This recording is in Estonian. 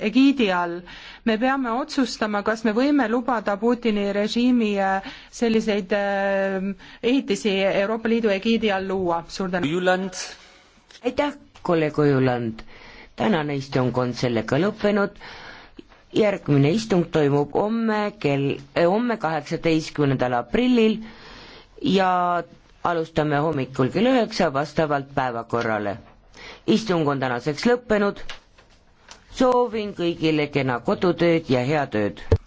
egiidi all. me peame otsustama, kas me võime lubada Putini režiimi äh, selliseid äh, ehitisi Euroopa Liidu egiidi all luua. suur tänu. aitäh, kolleeg Ojuland. tänane istung on sellega lõppenud. järgmine istung toimub homme kell eh,, homme kaheksateistkümnendal aprillil ja alustame hommikul kell üheksa vastavalt päevakorrale. istung on tänaseks lõppenud soovin kõigile kena kodutööd ja head ööd!